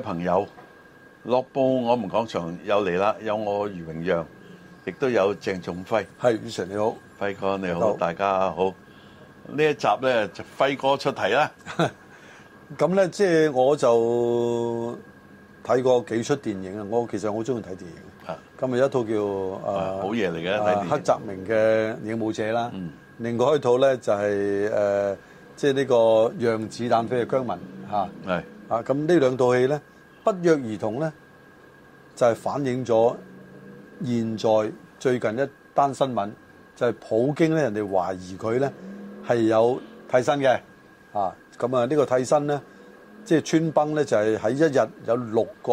朋友，樂報我們講場又嚟啦，有我余榮讓，亦都有鄭仲輝。係余 Sir 你好，輝哥你好，你好，大家好。呢一集咧就輝哥出題啦。咁咧即係我就睇過幾出電影啊，我其實好中意睇電影。今日有一套叫啊好嘢嚟嘅黑澤明嘅《影武者》啦，嗯。另外一套咧就係誒即係呢個讓子彈飛嘅姜文嚇。係。啊，咁呢兩套戲呢，不約而同呢，就係反映咗現在最近一單新聞，就係普京呢，人哋懷疑佢呢係有替身嘅，啊，咁啊呢個替身呢，即係穿崩呢，就係喺一日有六個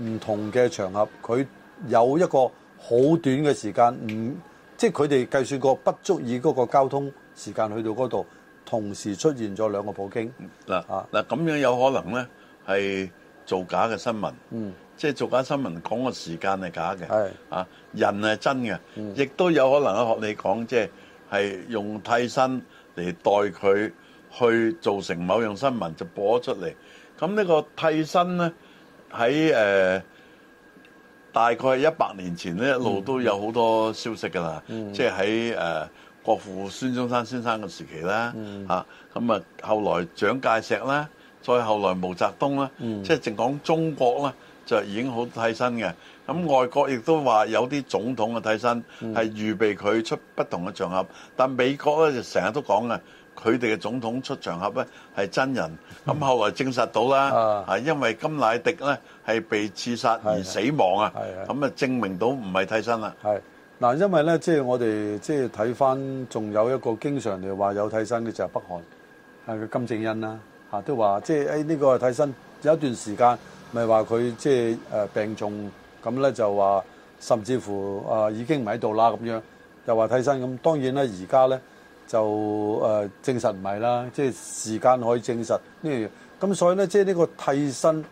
唔同嘅場合，佢有一個好短嘅時間，唔即係佢哋計算過不足以嗰個交通時間去到嗰度。同時出現咗兩個普京，嗱嗱咁樣有可能咧係造假嘅新聞，嗯，即係造假新聞講嘅時間係假嘅，係是啊人係真嘅，亦、嗯、都有可能啊學你講即係係用替身嚟代佢去造成某樣新聞就播出嚟，咁呢個替身咧喺誒大概一百年前咧一路都有好多消息㗎啦，嗯嗯、即係喺誒。呃國父孫中山先生嘅時期啦，嚇咁啊，後來蔣介石啦，再後來毛澤東啦，即係淨講中國啦，就已經好多替身嘅。咁外國亦都話有啲總統嘅替身係預備佢出不同嘅場合，但美國咧就成日都講啊，佢哋嘅總統出場合咧係真人。咁後來證實到啦，啊，因為甘乃迪咧係被刺殺而死亡啊，咁啊證明到唔係替身啦。嗱，因為咧，即係我哋即係睇翻，仲有一個經常哋話有替身嘅就係北韓，係個金正恩啦，吓都話即係誒呢個替身，有一段時間咪話佢即係誒病重，咁咧就話甚至乎啊已經唔喺度啦咁樣，又話替身咁。當然呢，而家咧就誒證實唔係啦，即係時間可以證實。咁所以咧，即係呢個替身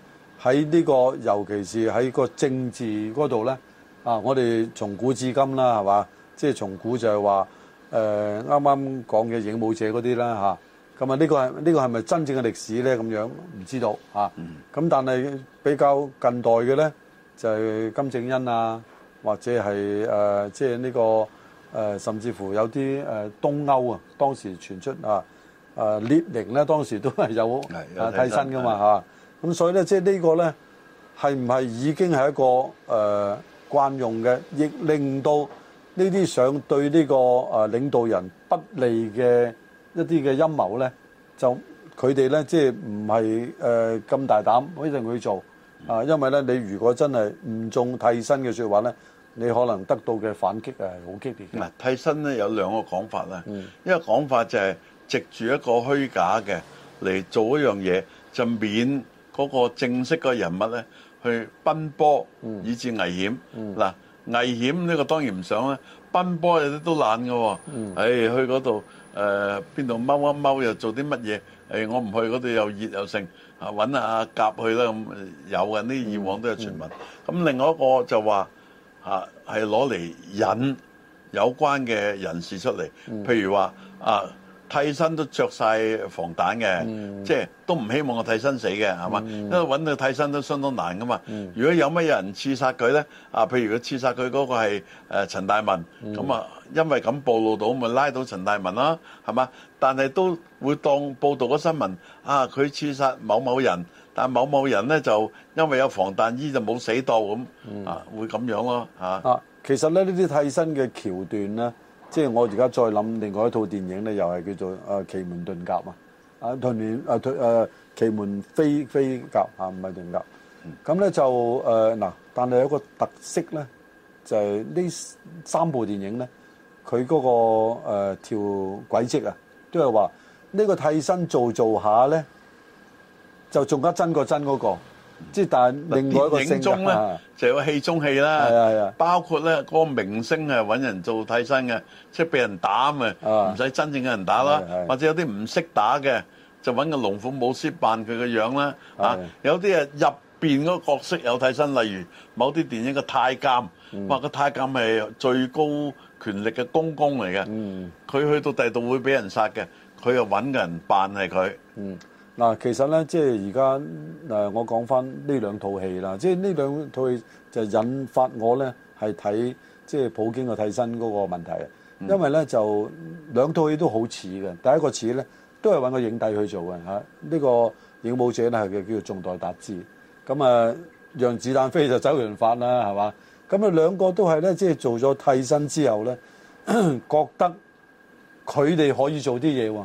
喺呢個，尤其是喺個政治嗰度咧。啊！我哋從古至今啦，係嘛？即係從古就係話誒，啱啱講嘅影武者嗰啲啦嚇。咁啊，呢、啊啊啊啊啊這個係呢、這個係咪真正嘅歷史咧？咁樣唔知道嚇。咁、啊、但係比較近代嘅咧，就係、是、金正恩啊，或者係誒，即係呢個誒，甚至乎有啲誒、啊、東歐啊，當時傳出啊誒、啊、列寧咧，當時都係有是啊替身噶嘛咁、啊的啊、所以咧，即、就、係、是、呢個咧係唔係已經係一個誒？啊慣用嘅，亦令到呢啲想對呢個誒領導人不利嘅一啲嘅陰謀咧，就佢哋咧即係唔係誒咁大膽可以去做啊？因為咧，你如果真係唔中替身嘅説話咧，你可能得到嘅反擊係好激烈嘅。替身咧有兩個講法啦，一個講法就係藉住一個虛假嘅嚟做一樣嘢，就免嗰個正式嘅人物咧。去奔波，以至危險、嗯。嗱、嗯啊，危險呢個當然唔想啦。奔波有啲都懶嘅喎、哦嗯哎，去嗰度誒邊度踎一踎又做啲乜嘢？誒、哎、我唔去嗰度又熱又盛，啊揾下夾去啦咁、啊、有嘅，呢以往都有傳聞。咁、嗯嗯、另外一個就話啊係攞嚟引有關嘅人士出嚟，譬如話啊。替身都着晒防彈嘅，嗯、即係都唔希望個替身死嘅，係嘛、嗯？因為揾個替身都相當難噶嘛。嗯、如果有乜人刺殺佢咧，啊，譬如佢刺殺佢嗰個係誒陳大文，咁啊、嗯，因為咁暴露到，咪拉到陳大文啦，係嘛？但係都會當報導個新聞，啊，佢刺殺某某人，但某某人咧就因為有防彈衣就冇死到咁，啊，嗯、啊會咁樣咯，嚇、啊。啊，其實咧呢啲替身嘅橋段咧。即係我而家再諗另外一套電影咧，又係叫做誒、呃《奇門遁甲》嘛，啊《遁甲》誒誒《奇門飛飛甲》嚇、啊，唔係遁甲。咁咧就誒嗱、呃，但係有一個特色咧，就係、是、呢三部電影咧，佢嗰、那個誒、呃、條軌跡啊，都係話呢個替身做做下咧，就仲加真過真嗰、那個。即係但係另外一個影中咧，就有戲中戲啦，包括咧嗰個明星係揾人做替身嘅，即係俾人打咪，唔使真正嘅人打啦，或者有啲唔識打嘅就揾個龍虎武師扮佢個樣啦。啊，有啲啊入邊嗰個角色有替身，例如某啲電影嘅太監，話個太監咪最高權力嘅公公嚟嘅，佢去到第度會俾人殺嘅，佢又揾個人扮係佢。嗱，其實咧，即係而家我講翻呢兩套戲啦，即係呢兩套戲就引發我咧係睇即係普京嘅替身嗰個問題，因為咧就兩套戲都好似嘅，第一個似咧都係搵個影帝去做嘅呢、啊呢個影武者咧係叫叫做仲代達矢，咁啊讓子彈飛就周潤發啦，係嘛？咁啊兩個都係咧，即係做咗替身之後咧， 覺得佢哋可以做啲嘢喎。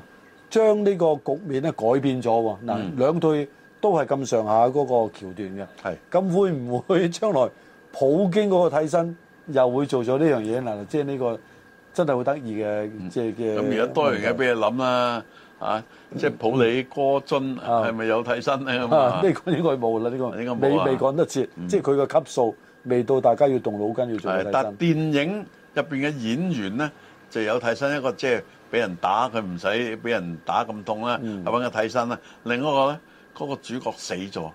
將呢個局面咧改變咗喎，嗱兩隊都係咁上下嗰個橋段嘅，咁會唔會將來普京嗰個替身又會做咗呢樣嘢？嗱，即係呢個真係好得意嘅，即係嘅。咁而家多樣嘢俾你諗啦。嚇，即係普里戈津係咪有替身咧？呢個應該冇啦，呢個應該未未講得切，即係佢個級數未到，大家要動腦筋要做。但係電影入邊嘅演員咧就有替身一個，即係。俾人打佢唔使俾人打咁痛啦，揾個替身啦。另一個咧，嗰個主角死咗，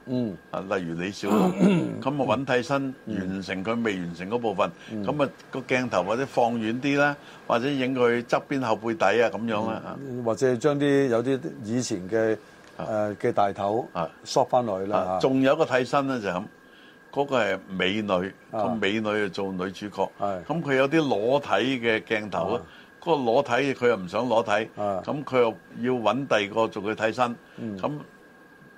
啊，例如李小龍，咁啊揾替身完成佢未完成嗰部分，咁啊個鏡頭或者放遠啲啦，或者影佢側邊後背底啊咁樣啦，或者將啲有啲以前嘅誒嘅大頭縮翻落去啦。仲有一個替身咧就係咁，嗰個係美女，個美女做女主角，咁佢有啲裸體嘅鏡頭咯。嗰個裸體佢又唔想裸體，咁佢、啊、又要揾第二個做佢替身，咁、嗯、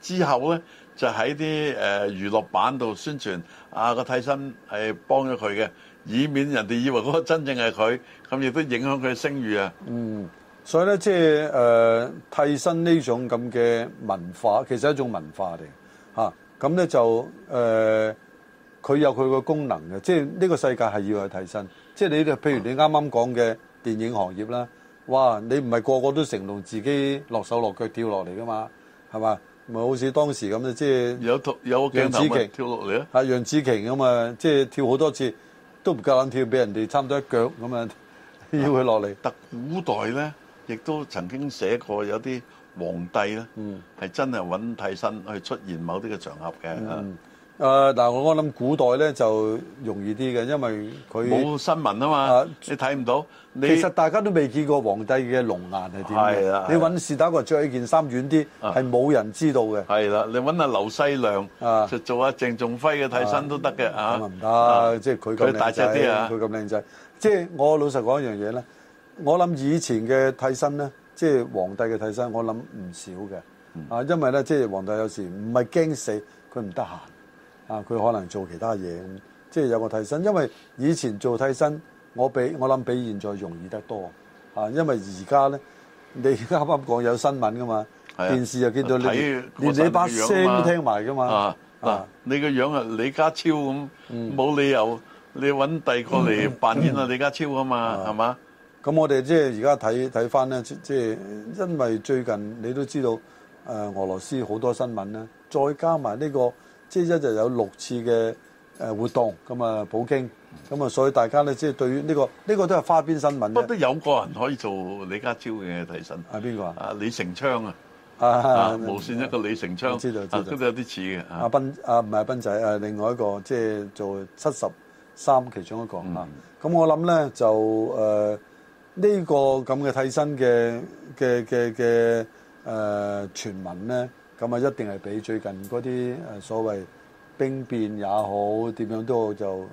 之後咧就喺啲誒娛樂版度宣傳啊、個替身係幫咗佢嘅，以免人哋以為嗰個真正係佢，咁亦都影響佢聲譽啊。嗯，所以咧即係誒替身呢種咁嘅文化，其實係一種文化嚟嚇。咁、啊、咧就誒佢、呃、有佢個功能嘅，即係呢個世界係要係替身，即、就、係、是、你哋，譬如你啱啱講嘅。嗯電影行業啦，哇！你唔係個個都成龍自己落手落腳跳落嚟㗎嘛，係嘛？咪好似當時咁啊，即係有套有個鏡頭啊，跳落嚟、就是、啊！啊，楊紫瓊咁啊，即係跳好多次都唔夠膽跳，俾人哋差唔多一腳咁啊，要佢落嚟。特古代咧，亦都曾經寫過有啲皇帝咧，係、嗯、真係揾替身去出現某啲嘅場合嘅。嗯誒嗱，我我諗古代咧就容易啲嘅，因為佢冇新聞啊嘛，你睇唔到。其實大家都未見過皇帝嘅龍顏係點嘅。你揾是打個着起件衫軟啲，係冇人知道嘅。係啦，你揾阿劉西亮就做阿鄭仲輝嘅替身都得嘅嚇。咁啊唔得，即係佢咁。大隻啲啊！佢咁靚仔。即係我老實講一樣嘢咧，我諗以前嘅替身咧，即係皇帝嘅替身，我諗唔少嘅。啊，因為咧，即係皇帝有時唔係驚死佢，唔得閒。啊！佢可能做其他嘢，即係有個替身。因為以前做替身，我比我諗比現在容易得多啊！因為而家咧，你而家啱啱講有新聞噶嘛，是呀電視又見到你，連你把聲都聽埋噶嘛啊！是你個樣係李家超咁，冇理由你揾第二個嚟扮演啊李家超㗎嘛，係嘛？咁我哋即係而家睇睇翻咧，即係因為最近你都知道，誒、呃、俄羅斯好多新聞呢，再加埋呢、呢個。即係一就有六次嘅誒活動咁啊，普京咁啊，所以大家咧，即係對於呢個呢個都係花邊新聞。不過有個人可以做李家超嘅替身？啊邊個啊？啊李成昌啊，啊無線一個李成昌，知道知道，都有啲似嘅。阿斌啊，唔係阿斌仔啊，另外一個即係做七十三其中一個啊。咁我諗咧就誒呢個咁嘅替身嘅嘅嘅嘅誒傳聞咧。咁啊，一定係畀最近嗰啲所謂兵變也好，點樣都就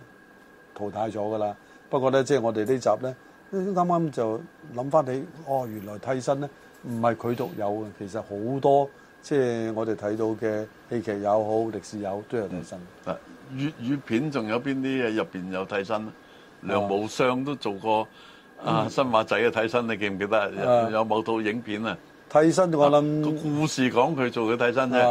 淘汰咗噶啦。不過咧，即係我哋呢集咧，啱啱就諗翻起，哦，原來替身咧唔係佢獨有嘅，其實好多即係我哋睇到嘅戲劇也好，歷史有都有替身。嗯。啊，粵語片仲有邊啲入面有替身？梁無雙都做過啊，新馬仔嘅替身，你記唔記得？有冇套影片啊？替身我諗故事講佢做嘅替身咧，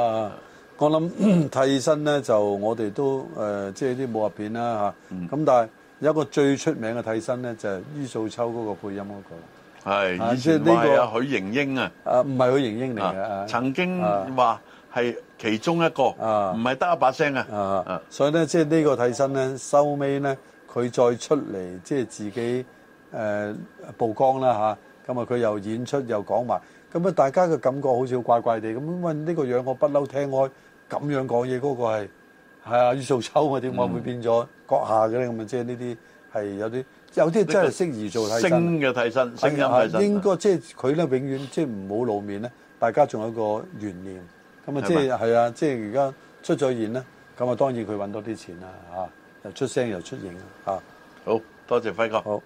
我諗替身咧就我哋都誒，即係啲武俠片啦嚇。咁但係有一個最出名嘅替身咧，就係于素秋嗰個配音嗰個。而且呢個啊，許盈英啊？唔係許盈英嚟嘅，曾經話係其中一個，唔係得一把聲啊。所以咧，即係呢個替身咧，收尾咧佢再出嚟，即係自己誒曝光啦嚇。咁啊，佢又演出又講埋。咁啊！大家嘅感覺好似怪怪地，咁問呢個樣我不嬲聽開咁樣講嘢，嗰個係係啊，于素秋啊點解會變咗閣下嘅咧？咁啊、嗯，即係呢啲係有啲有啲真係適宜做替身嘅替身，聲但音替身，應該即係佢咧，永遠、嗯、即係唔好露面咧，大家仲有一個懸念。咁吧啊，即係係啊，即係而家出咗現咧，咁啊，當然佢揾多啲錢啦嚇、啊，又出聲又出影嚇。啊、好多謝輝哥。好